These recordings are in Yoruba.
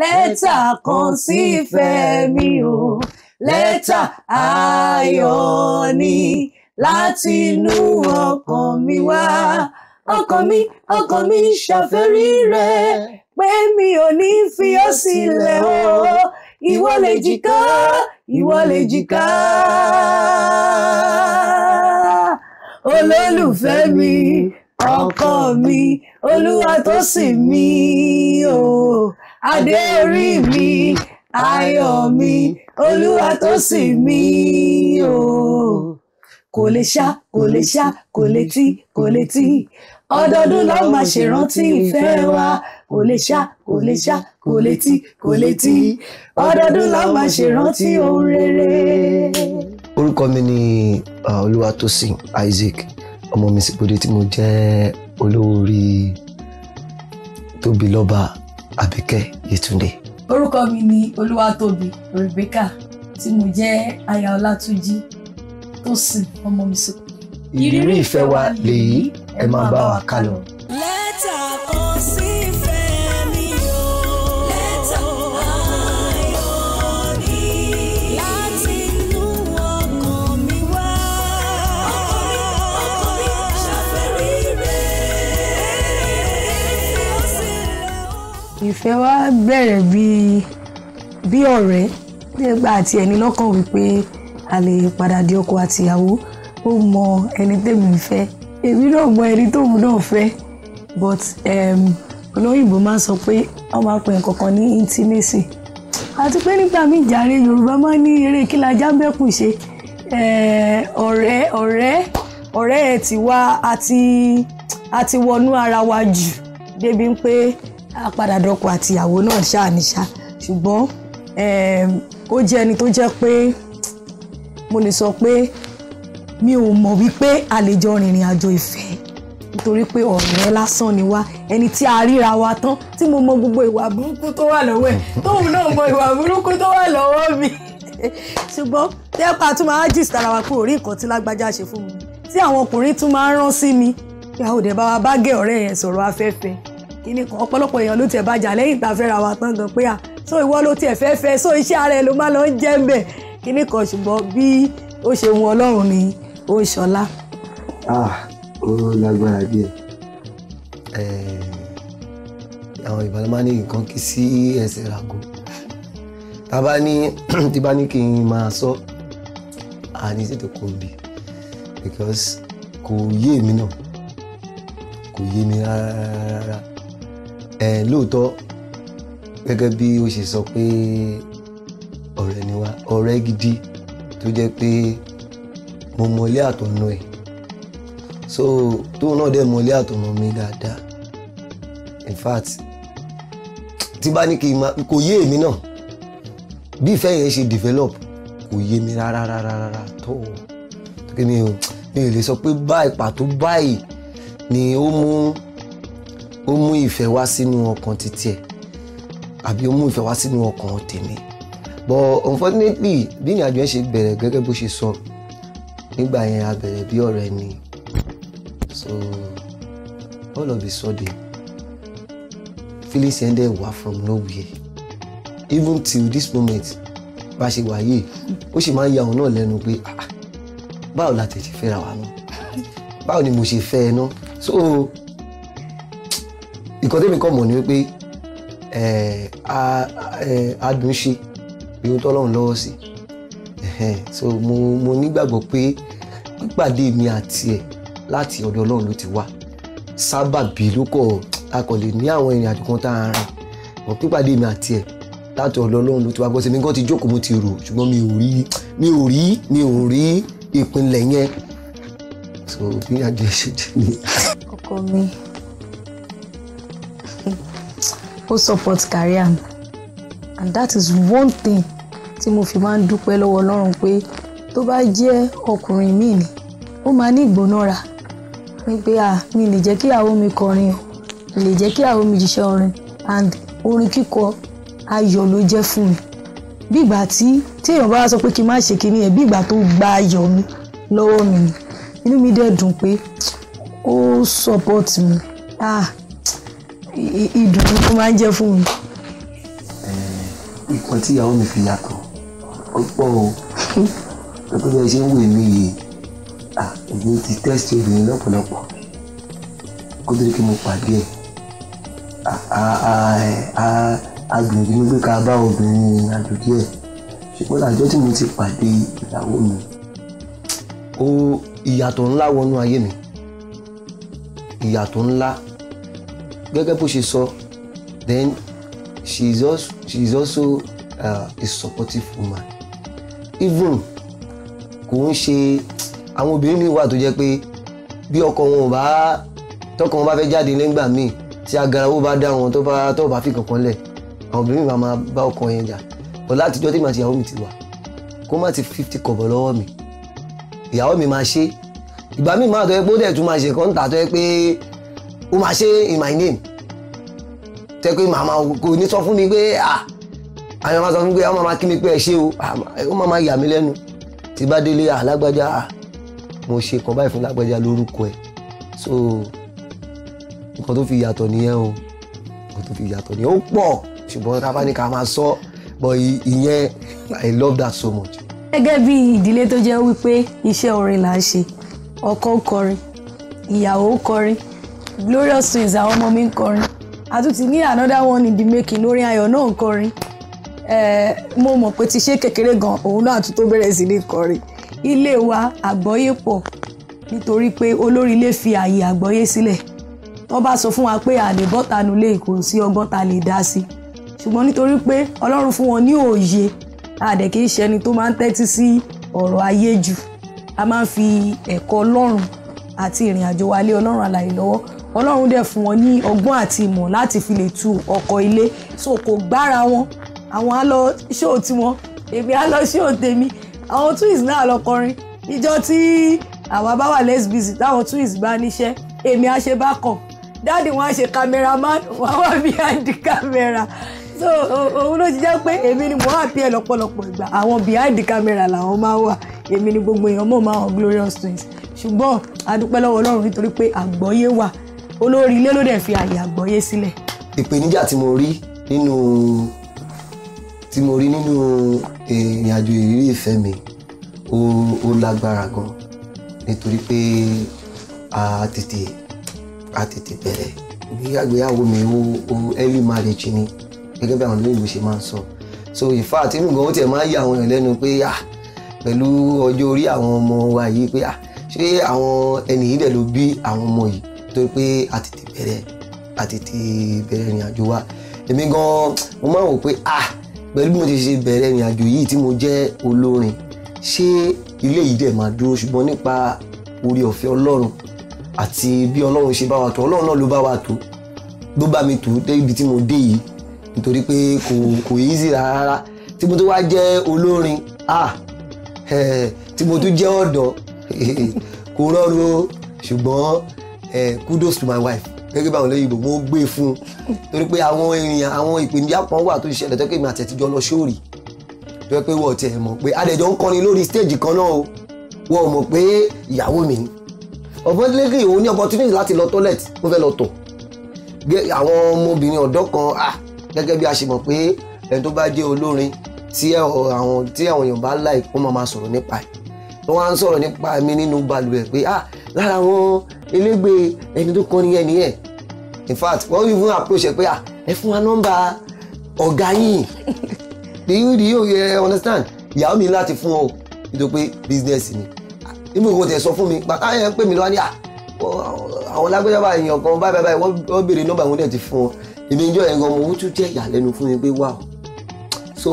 lẹ́tà kan sí ìfẹ́ mi o lẹ́tà ayọ̀ ni láti inú ọkàn mi wá ọkàn mi ọkàn mi ṣàfẹ́rí rẹ pé mi ò ní fi ọ́ sílẹ̀ o ìwọ lè jìká ìwọ lè jìká olólùfẹ́ mi ọkọ mi olúwa tó sìn mí o. Oh adé orí mi ayọ̀ mi olúwa tó sì mí o kò lè ṣá kò lè ṣá kò lè tí kò lè tí ọdọọdún ló máa ṣèrántí ìfẹ́ wa kò lè ṣá kò lè ṣá kò lè tí kò lè tí ọdọọdún ló máa ṣèrántí ohun rere. orúkọ mi ni olúwatósìn Isaac ọmọ mi sì pòde tí mo jẹ́ olówó tóbi lọ́ba Àbíkẹ́ Yétúndé. Orúkọ mi ni Olúwatóbi Rebecca tí mo jẹ́ aya Ọlátúnjí tó sìn ọmọ mi sọ. Ìrírí ìfẹ́ wa lèyí ẹ máa bá wa kálọ. Lẹ́tà kan. ìfẹ́ wa bẹ̀rẹ̀ bíi bí ọ̀rẹ́ nígbà tí ẹni lọ́kàn wípé a lè padà di ọkọ àtìyàwó ó mọ ẹni tèmi fẹ́ èmi náà mọ ẹni tóun náà fẹ́ but ehm, olóyìnbó máa ń sọ pé wọ́n máa pè nǹkankan ní intimacy àti pé nígbà míì jàre Yorùbá máa ń ní eré kílà jábẹ́kùn ṣe ehm, ọ̀rẹ́ ọ̀rẹ́ ọ̀rẹ́ ẹ̀ ti wá àti àti wọnú ara wa jù débi pé apàdàdọkọ àtìyàwó náà ṣáà ní ṣá ṣùgbọ́n ehm, ó jẹ́ ẹni tó jẹ́ pé mo lè sọ pé mi ò mọ̀ wípé a lè jọ rìnrìn àjò ìfẹ́ nítorí pé ọ̀rẹ́ lásán ni wá ẹni tí a ríra wa tán tí mo mọ gbogbo ìwà burúkú tó wà lọ́wọ́ ẹ̀ tóun náà mọ ìwà burúkú tó wà lọ́wọ́ mi ṣùgbọ́n tẹ́pà tún máa jì sára wa pé orí nǹkan tí lágbájá ṣe fún mi tí àwọn ọkùnrin tún máa ń rán sí mi ìyàwó dẹ̀ bá wa bá gé ọ̀rẹ́ yẹn sọ̀rọ̀ afẹ́fẹ́ kíní kan ọ̀pọ̀lọpọ̀ èèyàn ló tiẹ̀ bàjá lẹ́yìn tá a fẹ́ra wa tán gan pé à so ìwọ ló tiẹ̀ fẹ́ fẹ́ so iṣẹ́ ara ẹ ló má lọ ń jẹ́ ń bẹ̀ kan ṣùgbọ́n bí ó ṣe wù ọlọ́run ni ó ṣọlá. Ah, ó lágbára díẹ̀ àwọn ìbálẹ̀ máa ní nǹkan kí sí ẹsẹ̀ ràgó bàbá ní tí bá ní kí n máa sọ àní tètè kò bì because kò yé mi náà kò yé mi rárá rárá ẹ lóòótọ́ gẹ́gẹ́ bí ó ṣe sọ pé ọ̀rẹ́ ni wá ọ̀rẹ́ gidi tó jẹ́ pé mo mọlé àtọ̀nà ẹ̀ so tóun náà dẹ̀ mọlé àtọ̀nà mi dáadáa in fact tí bá ní kí n máa kò yé èmi náà bí ìfẹ́ yẹn ṣe develop kò yé mi rárá rárá rárá tó o mi ò lè sọ pé báyìí pàtó báyìí ni ó mú ó mú ìfẹ́ wá sínú ọkàn títí ẹ̀ àbí ó mú ìfẹ́ wá sínú ọkàn tèmi but unfortunately bí ìrìn àjò ẹ̀ ṣe bẹ̀rẹ̀ gẹ́gẹ́ bó ṣe sọ nígbà yẹn a bẹ̀rẹ̀ bí ọ̀rẹ́ ni so all of a sudden feelings ended wa from nowhere even till this moment bá ṣe wà yìí ó sì máa ń ya òun náà lẹ́nu pé ah, báwo la tẹ̀ fẹ́ra wa náà báwo ni mo ṣe fẹ́ ẹ náà so ìkọ́ tèmi kọ́ mọ̀ ni wípé adùn ṣe ìhun tọ́lọ́run lọ́wọ́ sí so mo mo nígbàgbọ́ pé pípàdé mi àti ẹ̀ láti ọ̀dọ̀ ọlọ́run ló ti wá sábàbí ló kọ̀ akọ̀lẹ̀ ní àwọn ìrìn àjò kan tá a rìn mọ̀ pípàdé mi àti ẹ̀ láti ọ̀dọ̀ ọlọ́run ló ti wá gbọ́sẹ̀ mi gan ti jókòó mo ti rò ṣùgbọ́n mi ò rí mi ò rí mi ò rí ìpínlẹ̀ yẹn so bí àjọ jẹ́ ni. ọkọ mi ó support career and that is one thing tí mo fi máa ń dúpẹ́ lọ́wọ́ ọlọ́run pé tó bá jẹ́ ọkùnrin mi ni ó máa ní ìgbónára wípé à mi lè jẹ́ kí àwọn mi kọrin o mi lè jẹ́ kí àwọn mi jíṣẹ́ orin and orin kíkọ ayọ̀ ló jẹ́ fún mi bí ìgbà tí tí èèyàn bá sọ pé kí n má ṣe kinní yẹn bí ìgbà tó gba ayọ̀ mi lọ́wọ́ mi ni inú mi dẹ̀ dùn pé ó support mi ah ìdùnnú tó máa ń jẹ́ fún mi. nǹkan tí ìyàwó mi fi yàtọ̀ ó pọ̀ o lọ́pọ̀ bí ẹ ṣe ń wò mí yìí èmi ti tẹ́sítì obìnrin lọ́pọ̀lọpọ̀ kó tó di pé mo pàdé ẹ̀ àjòjì mi pé ká bá obìnrin àjòjì ẹ̀ ṣùgbọ́n àjọ tí mo ti pàdé ìyàwó mi. ó ìyàtọ̀ ńlá wọnú ayé mi ìyàtọ̀ ńlá gẹ́gẹ́ bó ṣe sọ then she is also she is also uh, a supportive woman even kò ń ṣe àwọn obìnrin mi wà tó jẹ́ pé bí ọkọ wọn ò bá tọkọ wọn bá fẹ́ jáde nígbà míì tí agarawo bá dá wọn tó bá tó bá fi kankan lẹ̀ àwọn obìnrin mi máa máa bá ọkọ yẹn jà bọ̀ látijọ́ tí màá ti ìyàwó mi ti wà kó má ti fifty kọ̀bọ̀ lọ́wọ́ mi ìyàwó mi máa ṣe ìgbà míì máa tọ́ ẹ pé ó dẹ̀ tún máa ṣe kọ́ńtà tọ́ ẹ pé ó máa ṣe in my name tẹ́ pé màmá kò ní sọ fún mi pé àwọn máa sọ fún mi pé àwọn máa kí mi pé ẹ ṣé o ó máa yà mí lẹ́nu tí bá délé alágbájá mo ṣe kan báyìí fún lágbájá lórúkọ ẹ so nǹkan tó fi yàtọ̀ nìyẹn o nǹkan tó fi yàtọ̀ nìyẹn ó pọ̀ ṣùgbọ́n tá bá ní ká máa sọ but ìyẹn I love that so much. gẹ́gẹ́ bí ìdílé tó jẹ́ wípé iṣẹ́ orin là ń ṣe ọkọ kọrin ìyàwó kọrin Glorious Twins àwọn ọmọ mi ń kọrin a tún ti ní another one in the making lórin ayọ̀ náà ń kọrin mo mọ̀ pé ti ṣe kékeré gan òun náà tún tó bẹ̀rẹ̀ sí ní kọrin ilé wa àgbọ́yé pọ̀ nítorí pé olórí ilé fi ààyè àgbọ́yé sílẹ̀ wọ́n bá sọ fún wa pé àlè bọ́ta nulẹ̀ kò sí ọgbọ́n ta lè dá sí ṣùgbọ́n nítorí pé ọlọ́run fún wọn ní òye àdẹ̀ kì í ṣe ẹni tó máa ń tẹ́tí sí ọ̀rọ̀ ayé jù a máa ń fi ẹ̀kọ́ ọlọ́run àti ìrìn àjò wa lé ọlọ́run àlàyé lọ́wọ́ ọlọ́run dẹ̀ fún wọn ní ọgbọ́n àti ìmọ̀ láti fi lè tu ọkọ̀ ilé so kò gbára wọn àwọn á lọ ṣó tiwọn èmi á lọ ṣó tèmi àwọn twins náà lọ kọrin ìjọ tí àwa bá wà less busy táwọn twins bá níṣẹ́ èmi á ṣe bákan dáàdì wọn á ṣe cameraman wọn á wà behind the camera so òun ló ti jẹ́ pé èmi ni mo wà pí ẹ lọ́pọ̀lọpọ̀ ìgbà àwọn behind the camera làwọn máa wà èmi ni gbogbo èèyàn mọ̀ máa hàn glorious twins ṣùgbọ́n a dúpẹ́ lọ́wọ́ ọlọ́run nítorí pé àgbọ́yé wà olórí ilé ló dẹ̀ fi àyè àgbọ́yé sílẹ̀. ìpèníjà tí mo rí nínú tí mo rí nínú e, ìrìn àjò ìrírí ìfẹ́ mi ó lágbára gan nítorí pé a tètè a tètè bẹ̀rẹ̀ ìgbéyàwó mi ó early marriage ni gẹ́gẹ́ bí àwọn olóyìnbó ṣe máa ń sọ so in fact inú gan ó tiẹ̀ máa ń yà àwọn èèyàn lẹ́nu pé ah pẹ̀lú ọjọ́ orí àwọn ọmọ wa yìí pé ah ṣé àwọn ẹnì yìí dẹ̀ ló bí àwọn ọmọ yìí torí pé a tètè bẹ̀rẹ̀ a tètè bẹ̀rẹ̀ ìrìn àjò wa èmi gan mo máa ń wò pé ah pẹ̀lú bí mo ti ṣe bẹ̀rẹ̀ ìrìn àjò yìí tí mo jẹ́ olórin ṣé ilé yìí dẹ̀ máa dúró ṣùgbọ́n nípa orí ọ̀fẹ́ ọlọ́run àti bí ọlọ́run ṣe bá wa tó ọlọ́run náà ló bá wa tó ló bá mi tó dé ibi tí mo dé yìí nítorí pé kò kò easy rárá tí mo tó wá jẹ́ olórin ah eh, tí mo tó jẹ́ ọ̀dọ́ kò rọrùn ṣùgbọ́n Eh, kudos to my wife gẹ́gẹ́ báwọn olóyìnbó mo gbé e fún un torí pé àwọn èèyàn àwọn ìpèníjà kan wà tó ṣẹlẹ̀ tọ́kẹ́ mi àtẹ̀tíjọ́ lọ sóòrì tó yẹ pé wọ́n ti ẹ̀ mọ̀ pé adẹ̀jọ́ ń kọrin lórí stage kan náà o wọ́n mọ̀ pé ìyàwó mi ni unfortunately òun ní opportunity láti lọ toilet ó fẹ́ lọ tọ̀ àwọn ọmọbìnrin ọ̀dọ́ kan à ah, gẹ́gẹ́ bí a ṣe mọ̀ pé ẹni tó bá jẹ́ olórin tí àwọn tí àwọn èèyàn bá láì ó máa sọ̀rọ̀ nípa ẹ̀ wọ́n á ń sọ̀rọ̀ nípa mi nínú balùwẹ̀ pé à ah, lára wọn elégbè ẹni tó kọrin yẹn nìyẹn in fact wọ́n even approach ẹ pé ah ẹ fún wa nọ́mbà ọ̀gá yìí do you do you uh, understand ìyàwó mi láti fún ọ nítorí pé business ni níbo ìwọ tẹ sọ fún mi bàtà yẹn pè mí lọ́wọ́ ní ah, àwọn lágbèjà bá èèyàn kan báyìí báyìí wọ́n béèrè nọ́mbà wọn dẹ̀ ti fún ọ èmi ń jọ yẹn gan mo tún jẹ́ ìyàlẹ́nu fún mi pé wà ó so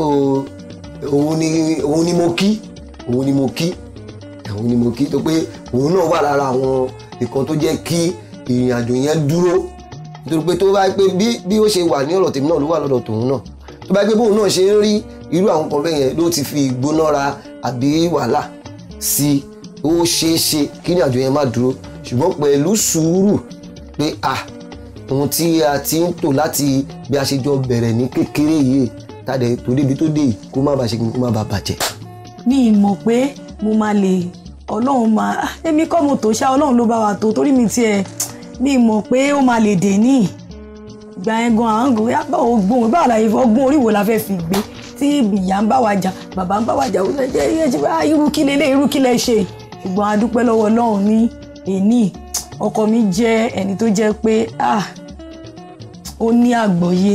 òun ni òun ni mo kí òun ni mo kí òun ni mo kí tó pé òun náà wà lára àwọn nǹkan tó jẹ́ kí ìrìn àjò yẹn dúró nítorí pé tó bá pé bí bí ó ṣe wà ní ọ̀rọ̀ tèmi náà ló wà lọ́dọ̀ tòun náà tó bá pé bóun náà ṣe ń rí irú àwọn kan bẹ́ẹ̀ yẹn ló ti fi ìgbónára àbí wàhálà sí ó ṣeé ṣe kí ìrìn yẹn má dúró ṣùgbọ́n pẹ̀lú sùúrù pé à ohun tí a ti ń tò láti bí a ṣe jọ bẹ̀rẹ̀ ní kékeré yìí tàdé tó débi tó dé yìí kó má bàa ṣe kó má bàa bàjẹ́. mi ì mọ̀ pé mo máa lè ọlọ́run máa ah, èmi kọ́ mo tó ṣá ọlọ́run ló bá wa tó torí mi tiẹ̀ mi mọ̀ pé ó máa lè dè ní ìgbà yẹn gan àwọn gbòòrò yàgbà ògbóhùn báwo la ọgbọ́n orí wo la fẹ́ fi gbé tí ìyá ń bá wa jà bàbá ń bá wa jà ó ṣe jẹ́ ẹ ṣe bá irú kí lélẹ̀ irú kí lẹ ṣe ṣùgbọ́n a dúpẹ́ lọ́wọ́ ọlọ́run ní èní ọkọ mi jẹ́ ẹni tó jẹ́ pé ah ó ní àgbọ́yé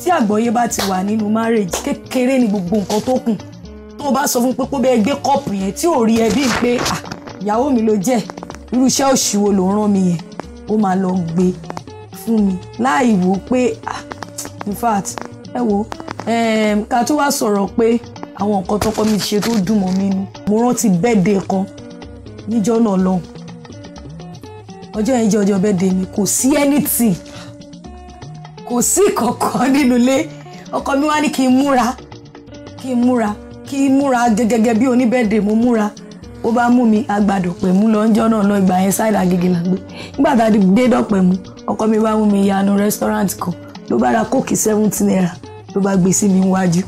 tí àgbọ́yé bá ti wà nínú marriage kékeré ni gbogbo nǹkan tó kù tó bá sọ fún pé kó bẹ́ẹ̀ gbé kọ́ọ̀pù yẹn tí ò rí ẹ bí pé ah, ìyàwó mi ló jẹ́ irú iṣẹ́ òṣìwò ló rán mi yẹn ó máa lọ gbé fún mi láì wò pé ah, in fact ẹ wo ehm, ká tó wá sọ̀rọ̀ pé àwọn nǹkan tọkọ mi ṣe tó dùn mọ́ mi nu mo rántí bẹ́ẹ̀dẹ̀ kan níjọ́ náà lọ́hùn ọjọ́ yẹn jẹ́ ọjọ́ bẹ́ẹ̀dẹ̀ mi kò sí anything kò sí kankan nínú ilé ọkọ mi wá ní kí n múra kí n múra kí múra gẹ́gẹ́gẹ́ bí oníbẹ̀dẹ̀ mo múra ó bá mú mi agbádò pẹ̀mú lọ náà lọ ìgbà yẹn sáìdà gègé là ń gbé nígbà a dé dọ̀pẹ̀mú ọkọ mi bá mú mi yanu restaurant kan ló bá ra seventy naira ló bá mi wájú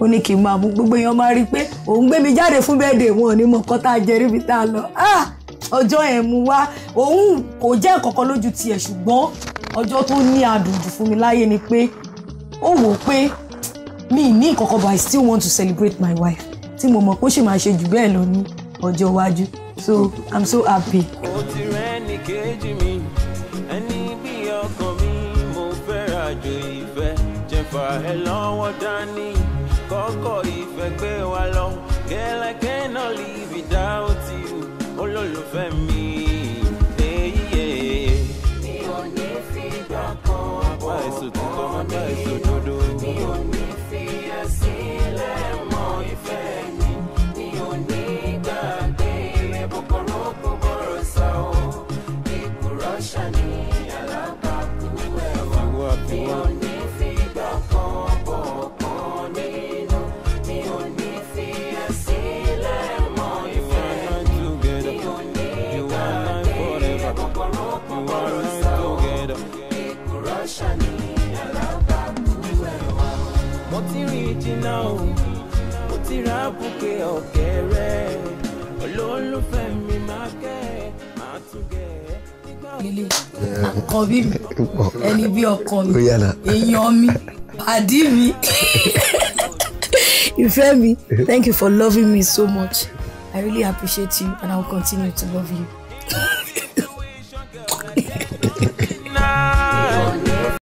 ó ní n máa mú gbogbo èèyàn máa rí i pé òun gbé mi jáde fún bẹ́ẹ̀dẹ̀ wọn kọ́ a tá lọ ah! ọjọ́ ẹ̀ mú wá òun kò jẹ́ mi ní ìkọ̀kọ̀ but I still want to celebrate my wife tí mo mọ̀ pé ó sì máa ṣe jù bẹ́ẹ̀ lọ ní ọjọ́ iwájú so I'm so happy. ó ti rẹ́ ní kejì mi ẹni bí ọkàn mi mo fẹ́ rajo ìfẹ́ jẹ́fà ẹ lọ́wọ́ dání. olólùfẹ́ mi máa àkọ́bí ẹni bí ọkọ mi èèyàn mi pàdí mi ìfẹ́ mi thank you for loving me so much I really appreciate you and I will continue to love you.